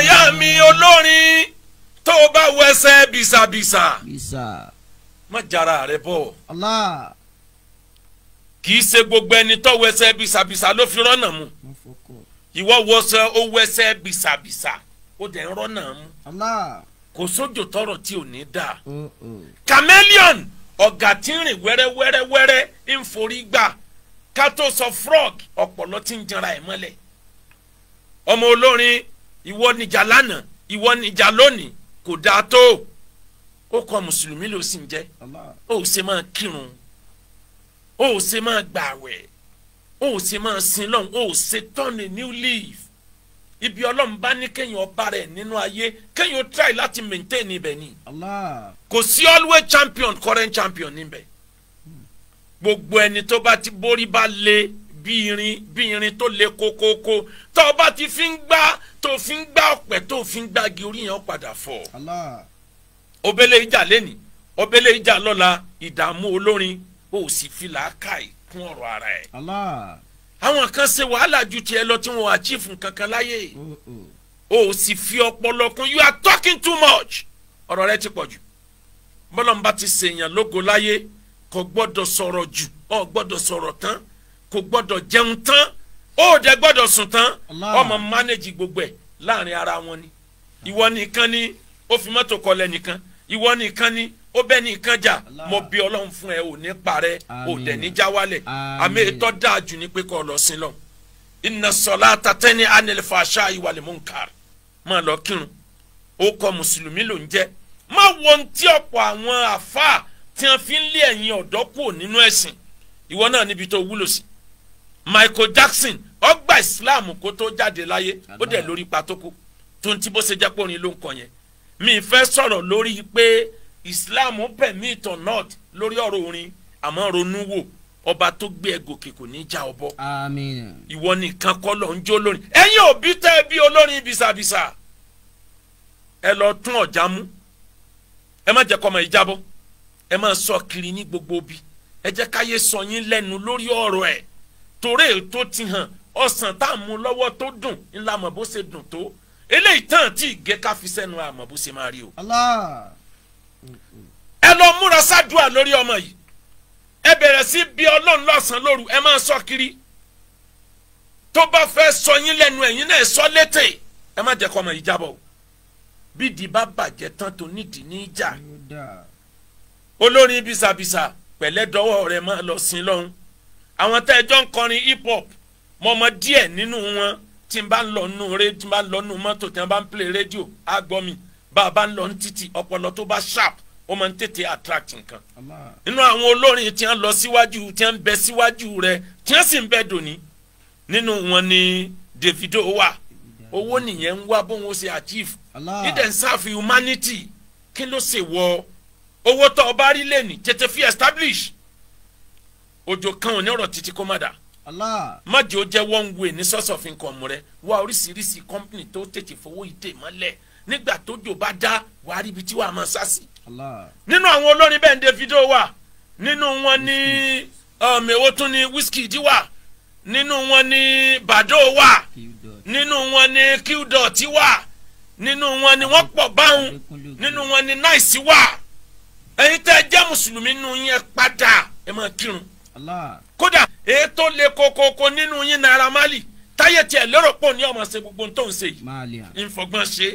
ìyá mi olórin tó o bá wẹsẹ̀ bìsàbìsà má jara rẹ bọ̀ kì í ṣe gbogbo ẹni tó wẹsẹ̀ bìsàbìsà ló fi rọ́nà mu ìwọ wọṣẹ ó wẹsẹ̀ bìsàbìsà ó dẹ̀ ń rọ́nà mu kò sójò tọrọ tí ò ní dà chameleon ọ̀gá tí ń rìn wẹ́rẹ́wẹ́rẹ́wẹ́rẹ́ ń forí gbà ká tó sọ frog ọ̀pọ̀lọ́ tí ń jẹra ẹ̀ mọ́lẹ̀ ọmọ olórin ìwọ níjà lánàá ìwọ níjà lónìí kò dáa tó ó kọ mùsùlùmí ló sì ń jẹ́ ó ṣe máa kírun ó ṣe máa gbààwẹ̀ ó ṣe máa sin lọ́hùn ó ṣe turn a new leaf ibi ọlọ́run bá ní kéèyàn ọba rẹ̀ nínú ayé kéèyàn ó try láti maintain ibẹ̀ ni kò sí always champion current champion níbẹ̀ hmm. gbogbo ẹni tó bá ti borí bá lé bí irin tó le kókókó tó ti fi ń gbá tó fi ń gbá ọ̀pẹ tó fi ń gbági orí yẹn padà fọ́ obele ìjà lẹ́nì obele ìjà lọ́la ìdààmú olórin ó sì fi làákàì kún ọ̀rọ̀ ara ẹ̀ àwọn kan ṣe wàhálà ju tiẹ̀ lọ tí wọn àchífù kankan láyé o uh-uh. sì fi ọpọlọ kún you are talking too much ọ̀rọ̀ rẹ ti pọ̀ jù bọ́lọ́mbà ti ṣèyàn lógo láyé kò gbọ́dọ̀ sọ̀rọ̀ jù ọ̀ gbọ́dọ̀ sọ̀rọ̀ tán kò gbọ́dọ̀ jẹun tán ó dẹ̀ gbọ́dọ̀ sùn tán ọmọ mánéjì gbogbo ẹ̀ láàrin ara wọn ni ìwọ nìkan ni ó fi mọ́tò kọlẹ̀ nìkan ìwọ nìkan ni ó bẹ́ nìkan jà mo bí ọlọ́run fún ẹ ò ní parẹ́ ò dẹ̀ ní já wálẹ̀ àmì ètò dáa jù pé kọ́ lọ sí lọ inna salata tani anil fasha iwal munkar máa lọ kírun ó kọ mùsùlùmí ló ń jẹ́ má wo ohun tí ọ̀pọ̀ àwọn àfáà tí wọ́n fi ń lé ẹ̀yin ọ̀dọ́ kúrò nínú ẹ̀sìn ìwọ náà níbi tó wúlò sí Michael Jackson ó gba Islam kó tó jáde láyé ó dẹ̀ lórí ipa tó kú tó ń ti bó ṣe jẹ́ pé orin ló ń kọ yẹn mi fẹ́ sọ̀rọ̀ lórí pé Islam permit or not lórí ọ̀rọ̀ orin àmọ́ ronú wò ọba tó gbé ẹ gòkè kò ní í já ọbọ àmín ìwọ nìkan kọ́ ló ń jó olórin ẹ̀yin òbí tẹ́ ẹ bí olórin bisabisa ẹ lọ tún ọ̀já mú ẹ má jẹ́ kọ́ ọmọ ìjábọ̀ ẹ má sọ kiri ní gbogbo bí ẹ jẹ́ káyé sọ yín lẹ́nu lórí ọ̀rọ̀ ẹ̀ torí èyí tó ti hàn ọsàn tá a mú lọ́wọ́ tó dùn ńlá mọ̀ bó ṣe dùn tó eléyìí tán tí ìgẹ́ ká fi sẹ́nu àmọ̀ bó ṣe máa rí o. ẹ lọ múra sádùá lórí ọmọ yìí ẹ bẹ̀rẹ̀ sí bí ọlọ́run lọ́sàn-án lóru ẹ máa sọ kiri tó bá fẹ́ sọ yín lẹ́nu ẹ̀yin náà sọ létè ẹ má jẹ́ kọ́ ọmọ yìí jábọ̀ bí di bá bàjẹ́ tán tó nídìí ní ìjà olórin bisabisa pẹ̀lẹ́ dọwọ́ rẹ̀ máa lọ sin lọ́hún àwọn tẹ́ ẹjọ́ ń kọrin hip hop mo mọ díẹ̀ nínú wọn tí n bá ń lọ nù ré tí n bá ń lọ nù mọ́tò tí n bá ń play Radio, á gbọ́ mi bá a bá ń lọ ní títì ọpọlọ tó bá sharp ó máa ń tètè attract nǹkan. nínú àwọn olórin tí wọ́n lọ síwájú tí wọ́n ń bẹ síwájú rẹ̀ tí wọ́n sì ń bẹ dòní nínú wọn ni Davido wà owó nìyẹn ń wá bóun ó ṣe achieve ìdẹ̀ ń sáfi humanity kí ló ṣe wọ owó tó o bá rí lẹ́nìí tètè fi establish Ojo kan ò ní ọ̀rọ̀ títí Ma má dà má jẹ́ ó jẹ́ one way ní source of income rẹ wá oríṣiríṣi company to tètè fowó ìdè mọ́lẹ̀ nígbà tójò bá dá wa rí ibi tí wàá máa sá sí. nínú àwọn olórin bẹ́ẹ̀ ni Davido wà nínú wọn ni um, èwo tún ni Wizkid wà nínú wọn ni Bado wà nínú wọn ni Qdot wà nínú wọn ni wọ́n pọ̀ báwọn nínú wọn ni Nice wa. ẹ̀yin tẹ́ ẹ jẹ́ mùsùlùmí nínú yẹn padà ẹ máa kírun kódà ètò lè kokoko nínú yín Naira Marley táyé tiẹ̀ lérò pò ní ọmọ ṣe gbogbo tó ń ṣe yìí ìfọ̀gbọ́n ṣe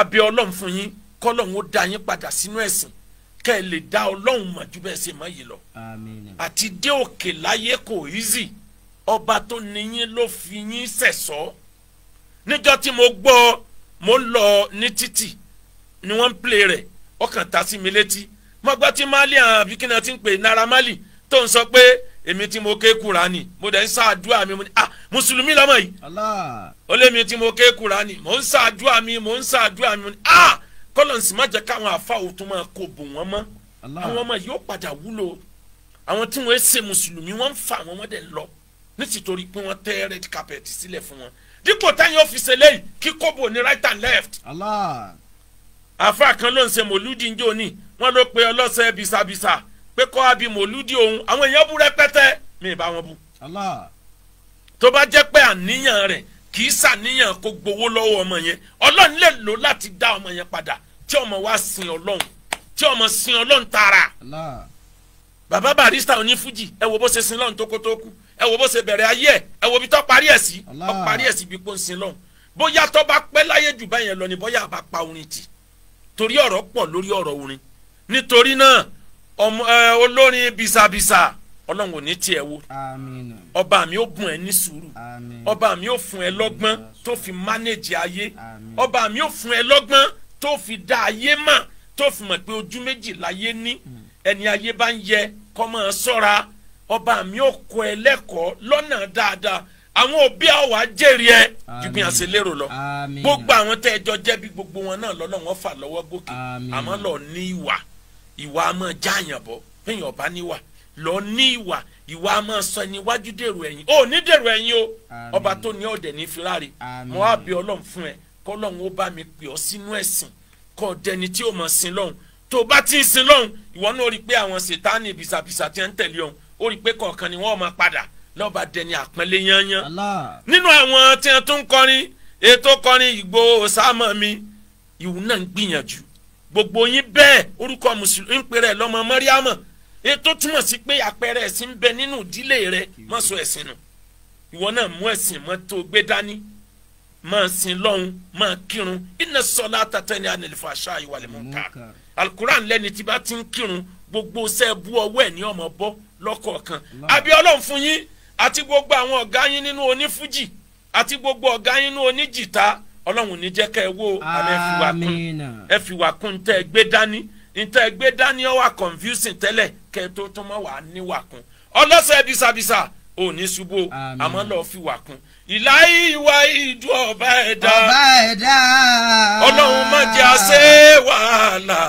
abẹ́ ọlọ́run fún yín kọ́lọ́run ó dá yín padà sínú ẹ̀sìn kẹ́ ẹ lè dá ọlọ́run mọ̀ ju bẹ́ẹ̀ ṣe mọ́ yìí lọ àti dé òkè láyé kò easy ọba tó ní yín ló fi yín ṣẹ̀ṣọ́ níjọ́ tí mo gbọ́ mo lọ ní títì ni wọ́n ń play rẹ̀ ọkàn ta sí mi létí mo gbọ́ tí Marley àbí ti ń pè Naira Marley tó ń sọ pé èmi tí mo ké Kùránì mo dẹ̀ ń ṣàdúrà mi ah mùsùlùmí lọ́mọ yìí ó lé mi tí mo ké Kùránì mo ń ṣàdúrà mi mo ń ṣàdúrà mi ah kọ́lọ̀nsì má jẹ́ káwọn àfáwò tó máa kó bò wọ́n mọ́ àwọn ọmọ yìí ó padà wúlò àwọn tí wọ́n ṣe mùsùlùmí wọ́n ń fa àwọn ọmọ dẹ̀ lọ nítorí pé wọ́n tẹ́ red carpet sílẹ̀ fún wọn dípò táyọ̀ fi ṣe kí kóbò ní right and left. àfa kan ló ń ṣe mòlúdì ń jò ní wọ́n ló pe ọlọ́sẹ̀ bisabisa pé kọ́ abi mòlúdi òun àwọn èèyàn bú rẹpẹtẹ mi bá wọn bú. tó bá jẹ́ pé àníyàn rẹ̀ kì í ṣàníyàn kó gbowó lọ́wọ́ ọmọ yẹn ọlọ́run lè lò láti dá ọmọ yẹn padà tí ọmọ wa sin ọlọ́run tí ọmọ sin ọlọ́run tààrà. bàbá barista onífújì ẹ wo bó ṣe sin lọ́run tó kó tó kú ẹ wo bó ṣe bẹ̀rẹ̀ ayé ẹ ẹ wo bí tó parí ẹ̀ sí ọ parí ẹ̀ sí bí kò ń sin lọ́run bóyá tó bá pẹ́ láyé jù báyẹn lọ ni bóyá àbá pa orin tì torí ọ̀rọ̀ pọ̀ lórí ọ̀rọ̀ orin nítorí náà ọmọ ẹ olórin bisabisa ọlọ́run ò ní tiẹ̀ wo ọba mi ó bùn ẹ ní sùúrù ọba mi ó fún ẹ lọ́gbọ́n tó fi mánéjì ayé ọba mi ó fún ẹ lọ́gbọ́n tó fi dá ayé mọ̀ tó fi mọ̀ pé ojú méjì láyé ní hmm. ẹni ayé bá ń yẹ kó máa ṣọ́ra ọba mi ó kọ́ ẹ lẹ́kọ̀ọ́ lọ́nà dáadáa àwọn òbí àwa jèrè ẹ ju bí wọn ṣe lérò lọ gbogbo àwọn tẹ́ ẹ jọ gbogbo wọn náà lọ́nà wọn fà lọ́wọ́ gòkè àmọ́ lọ ní ìwà ìwà á máa já àyàn bọ́ péyàn ọba níwà lọ ní ìwà ìwà á máa sọ ẹni wájú dèrò ẹ̀yìn ó ní dèrò ẹ̀yìn o ọba tó ní ọ̀dẹ̀ ní filari mo á bẹ ọlọ́run fún ẹ kọ́lọ́run ó bá mi pè ọ́ sínú ẹ̀sìn kọ́ dẹni tí ó mọ̀ sin lọ́hùn tó bá ti ń sin lọ́hùn ìwọ náà rí i pé àwọn sètáni bìsàbìsà ti ń tẹ̀lé ọ̀hún ó rí i pé kọ̀ọ̀kan ni wọ́n máa padà lọ́ba dẹni àpọ́nlé yányán nínú àwọn tí wọ́n tún kọrin ètò kọrin Ìgbòho sámọ̀ mi ìwù náà ń gbìyànjú gbogbo yín bẹ́ẹ̀ orúkọ mùsùlùmí ń pèrè lọ́mọ mọ́ríámọ̀ ètò túmọ̀ sí pé àpẹẹrẹ ẹ̀sìn ń bẹ nínú ìdílé rẹ má sọ ẹ̀sìn nù ìwọ náà mú ẹ̀sìn mọ́ gbé dání máa sin lọ́hùn máa kírun inna salata tanha anil fahsha'i wal munkar alukuran lẹ́ni tí bá ti ń kírun gbogbo sẹ́ẹ̀bù ọwọ́ ẹ̀ ní ọmọ bọ́ lọ́kọ̀ọ̀kan àbí ọlọ́run fún yín àti gbogbo àwọn ọ̀gá yín nínú onífújì àti gbogbo ọ̀gá yín nínú oníjìtá ọlọ́run ní jẹ́ kẹ́ ẹ wó àmì ẹ kún ẹ kún ntẹ́ ẹ dání ntẹ́ ẹ dání ọ wà tẹ́lẹ̀ kẹ́ ẹ tó tún mọ́ wà ní wà kún ọlọ́sẹ̀ bisabisa ò ní ṣubú àmọ́ lọ́ọ́ fi kún ìlà ìwà ìdú ọba ẹ̀dá ọlọ́run má jẹ́ àṣẹ wàhálà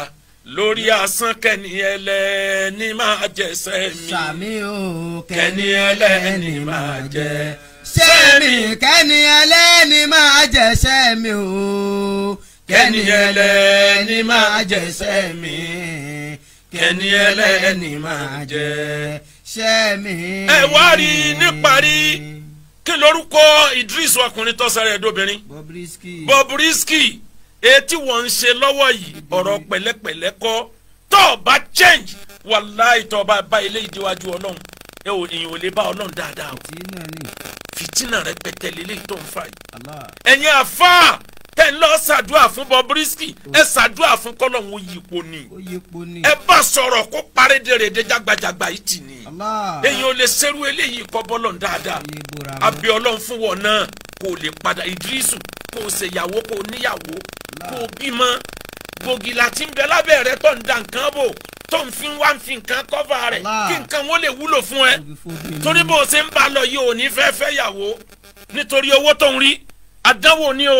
lórí asán kẹ́ni ẹlẹ́ni máa jẹ́ sẹ́mi kẹ́ni ẹlẹ́ni máa jẹ́ sẹ́mi ṣé mi kẹ́ni ẹlẹ́ni máa jẹ̀ṣẹ́ mi o kẹ́ni ẹlẹ́ni máa jẹ̀ṣẹ́ mi kẹ́ni ẹlẹ́ni máa jẹ̀ṣẹ́ mi. ẹ wá rí i níparí kí lórúkọ Idris ọkùnrin tọ́sára ẹ̀dọ́bìnrin Bobrisky etí wọ́n ń ṣe lọ́wọ́ yìí ọ̀rọ̀ mm-hmm. pẹ̀lẹ́pẹ̀lẹ́ kọ́ tó o bá change wàláì tó o bá bá ilé ìdíwájú ọlọ́run ẹ ò èyàn ò lè bá ọlọ́run dáadáa o fìtínà rẹpẹtẹ lélẹyìí tó ń fà yìí ẹ̀yin àfáà tẹ ń lọ ṣàdúrà fún Bobrisky ẹ ṣàdúrà fún kọlọ́hún yípo ni ẹ bá sọ̀rọ̀ kó parí dèrèdè jágbajàgba yìí tì ní èyí ò lè ṣerú eléyìí kọ́ bọ́lọ̀ dáadáa àbí fún wọn náà kò lè padà Idrisu kò ṣèyàwó kò níyàwó kò bímọ gbògì láti ń bẹ lábẹ́ rẹ tó ń da nǹkan bò tó ń fi wá ń fi nǹkan kọ́fà rẹ̀ kí nǹkan wọn lè wúlò fún ẹ torí bó o ṣe ń bá lọ yìí ò ní fẹ́ fẹ́ yàwó nítorí owó tó ń rí àdánwò ni o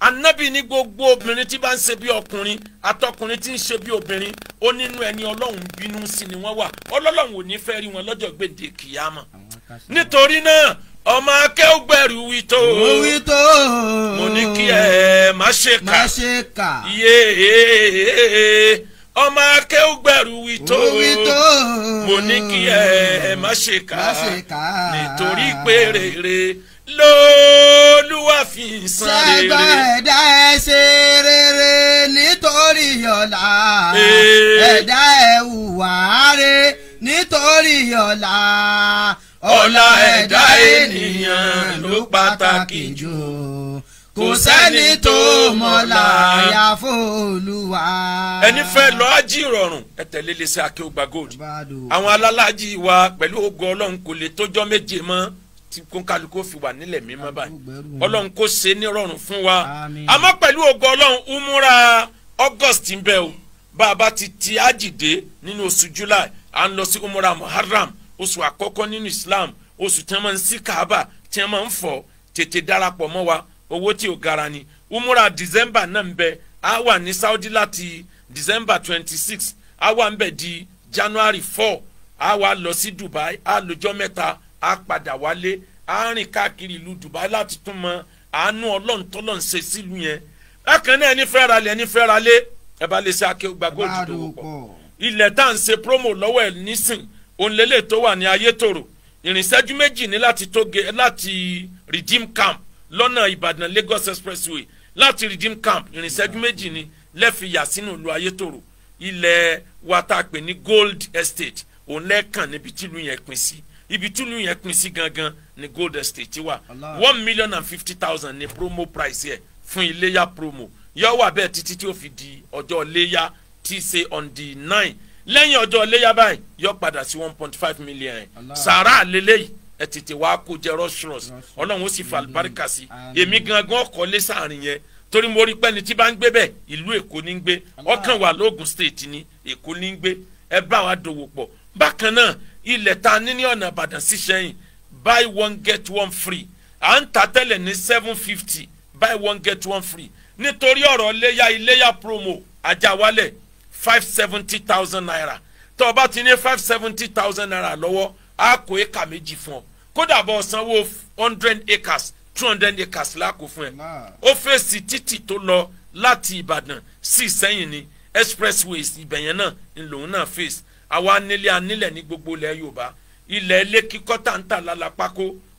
anabi ní gbogbo obìnrin tí bá ń ṣe bí ọkùnrin àtọkùnrin tí ń ṣe bí obìnrin ó nínú ẹni ọlọ́run bínú sí ni wọ́n wà ọlọ́run ò ní fẹ́ rí wọn lọ́jọ́ gbèdé kìyàmà nítorí náà ọmọ akẹ́wọ̀gbẹ̀rù wító wító mo ní kí ẹ má ṣe kà yéé ọmọ akéwùgbẹ̀rù wí tó mo ní kí ẹ má ṣe ká nítorí pé rere lóòlùwà fi ń san rere. sábà ẹ̀dá ẹ ṣe rere nítorí ọ̀la ẹ̀dá ẹ hùwà re nítorí ọ̀la ọ̀la ẹ̀dá ènìyàn ló pàtàkì jù kò sẹ́ni tó mọ̀lá àyàfó olúwa. ẹni fẹ́ lọ ájì ìrọ̀rùn ẹ tẹ̀lé lè ṣe akéwògbà gold àwọn alálàájì wa pẹ̀lú ògo ọlọ́run kò lè tójọ́ méje mọ́ tí kónkálukó fi wà nílẹ̀ mímọ́ báyìí ọlọ́run kò ṣe é nírọ̀rùn fún wa àmọ́ pẹ̀lú ògo ọlọ́run umura august ń bẹ o bá a bá ti ti ájì dé nínú oṣù july à ń lọ sí umura muharram oṣù àkọ́kọ́ nínú islam oṣù tí wọ́n máa ń sí kaaba tí wọ́n wa owó tí ò gara ni umura december náà ń bẹ a wà ní saudi láti december twenty six a wà ń bẹ di january four a wà lọ sí dubai a lọ́jọ́ mẹ́ta a padà wálé a rìn káàkiri ìlú dubai láti tún mọ àánú ọlọ́ntọ́lọ́n ṣe sílùú yẹn bákan náà ẹni fẹ́ra lé ẹni fẹ́ra lé ẹ bá lè ṣe akéwù gba góòlù tó wọ́pọ̀ ilẹ̀ tá à ń ṣe promo lọ́wọ́ ẹ̀ nísìn òǹlẹ́lẹ̀ tó wà ní ayétòrò ìrìnsẹ́jú méjì ní láti tó ge láti redeem camp lọ́nà ìbàdàn lagos expressway láti redeem camp ìrìnsẹ́jú méjì ni lẹ́fìyà sínú ìlú ayétòrò ilẹ̀ wa tá a pè ní gold estate òun lẹ́ẹ̀kan níbi tìlú yẹn pín sí ibi tìlú yẹn pín sí gangan ni gold estate wà one million and fifty thousand ni promo price yẹ fún iléyà promo yóò wà bẹ́ẹ̀ títí tí ó fi di ọjọ́ iléyà tí ṣe on the nine lẹ́yìn ọjọ́ iléyà báyìí yóò padà sí one point five million sàrà lélẹ́yìí ẹ wa wá kó jẹ rọṣrọṣ ọlọ́run ó sì fa àlùbáríkà sí èmi gangan ọkọ̀ lé sáàrin yẹn torí mo rí pẹ́ni tí bá ń gbé bẹ́ẹ̀ ìlú èkó ní gbé ọkàn wà lóògùn state ni èkó ní ń gbé ẹ bá wa dòwò pọ̀ bákan náà ilẹ̀ ta ní ọ̀nà ìbàdàn sí sẹ́yìn buy one get one free à ń ta tẹ́lẹ̀ ní seven fifty buy one get one free nítorí ọ̀rọ̀ léyà iléyà promo àjàwálẹ̀ five seventy thousand naira tó o bá ti ní five seventy thousand naira lọ́wọ́ a kó éka méjì fún ọ kódà bọ́ sanwó hundred acres two hundred acres lákò fún ẹ ó fèsì títì tó lọ láti Ìbàdàn sí Ìsẹ́yìn ni expressways ibẹ̀yẹn náà ni lòun náà fèsì àwa nílé anílẹ̀ ní gbogbo ilẹ̀ Yorùbá ilẹ̀ ilé kíkọ́ tá ń tà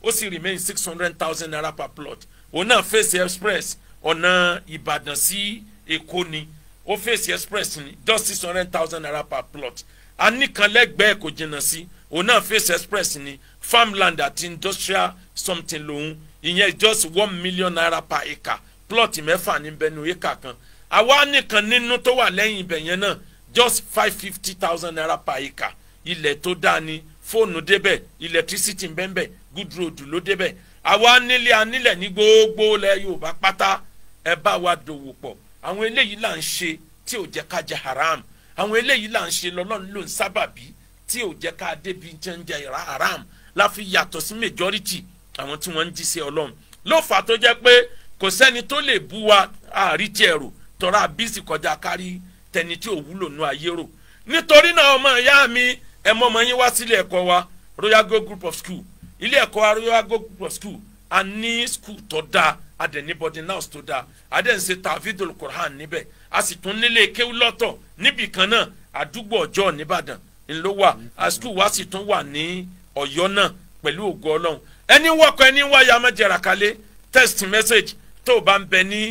ó sì remain six hundred thousand naira per plot òun náà fèsì express ọ̀nà Ìbàdàn sí Èkó ni ó fèsì express ni just six hundred thousand naira per plot a nìkan lẹ́gbẹ̀ẹ́ kò jìnnà sí òun náà face express ni farmland àti industrial something lòun ìyẹn just one million naira per acre plot mẹ́fà ní bẹnu acre kan àwa nìkan nínú tó wà lẹ́yìn ibẹ̀ yẹn náà just five fifty thousand naira per acre ilẹ̀ tó dáa ni fóònù débẹ̀ electricity bẹ́ẹ̀ good road ló débẹ̀ àwa nílé anílẹ̀ ní gbogbo ilẹ̀ Yorùbá pátá ẹ bá wa dòwò pọ̀ àwọn eléyìí là ń ṣe tí ò jẹ́ ká jẹ haram àwọn eléyìí là ń ṣe lọ́lọ́run ló ń sábàbí tí ò jẹ́ ká débi jẹ́njẹ́ ìrà haram láfi yàtọ̀ sí majority àwọn tí wọ́n ń jíṣẹ́ ọlọ́run ló fà tó jẹ́ pé kò sẹ́ni tó lè bú wa àárí tiẹ̀ rò tọ́ra bíìsì kọjá kárí tẹni tí ò wúlò nú ayé rò nítorí náà ọmọ ìyá mi ẹ mọ ọmọ yín wá sílé ẹ̀kọ́ wa royal go group of school ilé ẹ̀kọ́ wa royal go group of school a ní school tó dáa a dẹ̀ ní boarding house tó dáa a dẹ̀ ń ṣe tafidul Qur'an níbẹ̀ a sì tún nílé kéwú lọ́tọ̀ níbì náà àdúgbò ọjọ́ nìbàdàn ńlọ wà àsìkò wa sì tún wà ní Ọ̀yọ́ náà pẹ̀lú ògo Ọlọ́run ẹni wọkọ ẹni wáyà má jẹrà kalẹ̀ text message tó o bá ń bẹ ní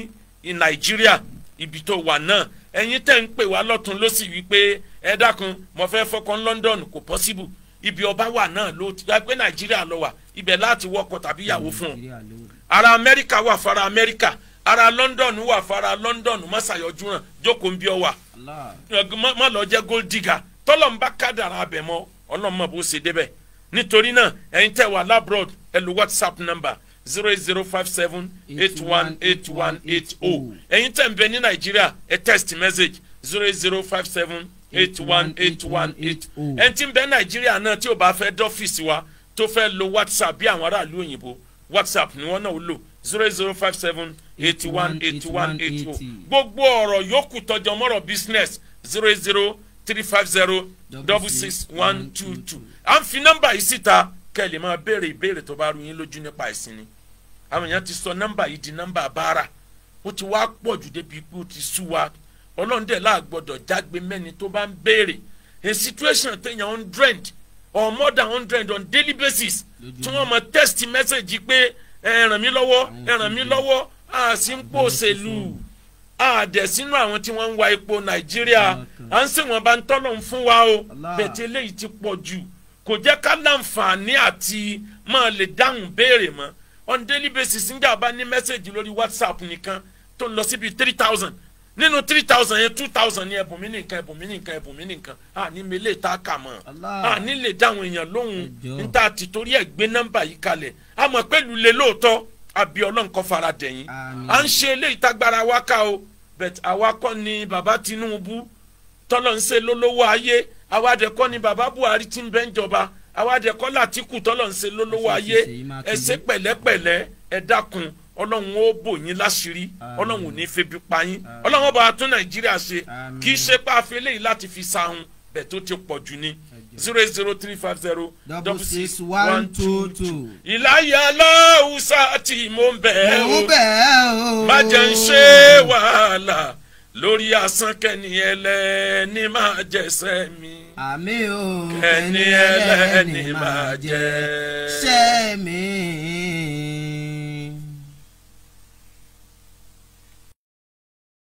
Nàìjíríà ibi tó wà náà ẹ̀yin tẹ́ ń pè wá lọ́tún ló sì wípé ẹ dákun mo fẹ́ fọkàn London kò possible ibi ọba wà náà ló ti gbà pé Nàìjíríà lọ wà ibẹ̀ láti wọkọ̀ tàbí ìyàwó fún un ara Amẹ́ríkà wà fara Amẹ́ríkà ara London wà fara London mọ́sàyọ́jú ràn jókòó ń bí ọ wà má lọ jẹ́ gold digger tọ́lọ́mbà kádàrà abẹ mọ́ ọlọ́mọ bó ṣe débẹ̀ nítorí náà ẹ̀yin tẹ́ wà labroad ẹ whatsapp number zero eight zero five seven eight one eight one eight oh ẹ̀yin tẹ́ ń bẹ ní nàìjíríà ẹ text message zero eight zero five seven eight one eight one eight oh ẹ̀yin tí ń bẹ nàìjíríà náà tí o bá fẹ́ dọ́fíìsì wa tó fẹ́ lo whatsapp bí àwọn aráàlú òyìnbó whatsapp ni wọ́n náà lò zero zero five seven eight one eight one eight oh gbogbo ọ̀rọ̀ yòókù tọjọ́ business zero zero three five zero double six one two two à ń fi nọ́mbà yìí síta kẹ́ ẹ lè máa béèrè ìbéèrè tó bá rú yín lójú nípa ẹ̀sìn ni àwọn èèyàn ti sọ nọ́mbà yìí di nọ́mbà báárà ó ti wá pọ̀ jù débi pé ó ti sú wa ọlọ́run láàgbọ́dọ̀ jágbe mẹ́ni tó bá ń béèrè a situation téèyàn hundred or more than hundred on daily basis tí wọ́n mọ text message pé ẹ ràn mí lọ́wọ́ ẹ ràn mí lọ́wọ́ àá sì ń pòṣèlú àdẹ̀sínú àwọn tí wọ́n ń wa epo nàìjíríà mm-hmm. à ń sìn wọ́n bá ń tọ́nà ń fún wa o bẹ́ẹ̀ tí eléyìí ti pọ̀ jù kò jẹ́ ká láǹfààní àti máa lè dáhùn béèrè mọ́ on daily basis ń dàbá ní mẹ́sẹ̀gì lórí whatsapp nìkan tó lọ síbi three thousand nínú three thousand yẹn two thousand ní ẹ̀bùn mi nìkan ẹ̀bùn mi nìkan ẹ̀bùn mi nìkan àní mi lè ta kà mọ́ àní lè dáhùn èèyàn lóhùn níta àti torí ẹ̀ gbé nọ́mbà yìí kalẹ̀ àmọ́ pẹ̀lú lè lóòótọ́ àbí ọlọ́run kó fara dẹ̀yìn à ń ṣe eléyìí tágbára wa ká o bẹ̀t àwa kọ́ ni bàbá Tinubu tọ́lọ̀ ń ṣe lólówó ayé àwa dẹ̀ kọ́ ni bàbá Buhari ti ń bẹ́ ń jọba àwa dẹ̀ kọ́ Làtíkù tọ́lọ̀ ń lólówó ayé ẹ pẹ̀lẹ́pẹ̀lẹ́ ẹ dákun ọlọ́run ó bò yín láṣìírí ọlọ́run ò ní febi pa yín ọlọ́run ó tún Nàìjíríà ṣe kì í ṣe pé a fi eléyìí láti fi sahun bẹ́ẹ̀ ti pọ̀ jù ni zero zero three five zero double six one two two. ìláyà aláwùsá tí mo ń bẹ̀ ẹ́ o má jẹ́ ń ṣe wàhálà lórí asán kẹ́ni ẹlẹ́ni máa jẹ́sẹ́ mi. àmì o kẹ́ni ẹlẹ́ni máa jẹ́sẹ́ mi.